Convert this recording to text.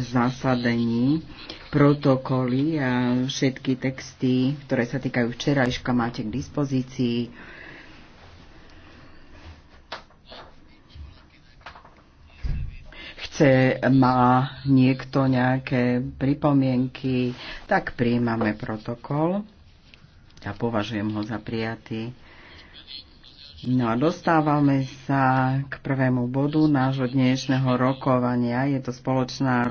zasadení protokoly a všetky texty, ktoré sa týkajú včerajška, máte k dispozícii. Chce, má niekto nejaké pripomienky, tak prijímame protokol. Ja považujem ho za prijatý. No a dostávame sa k prvému bodu nášho dnešného rokovania. Je to spoločná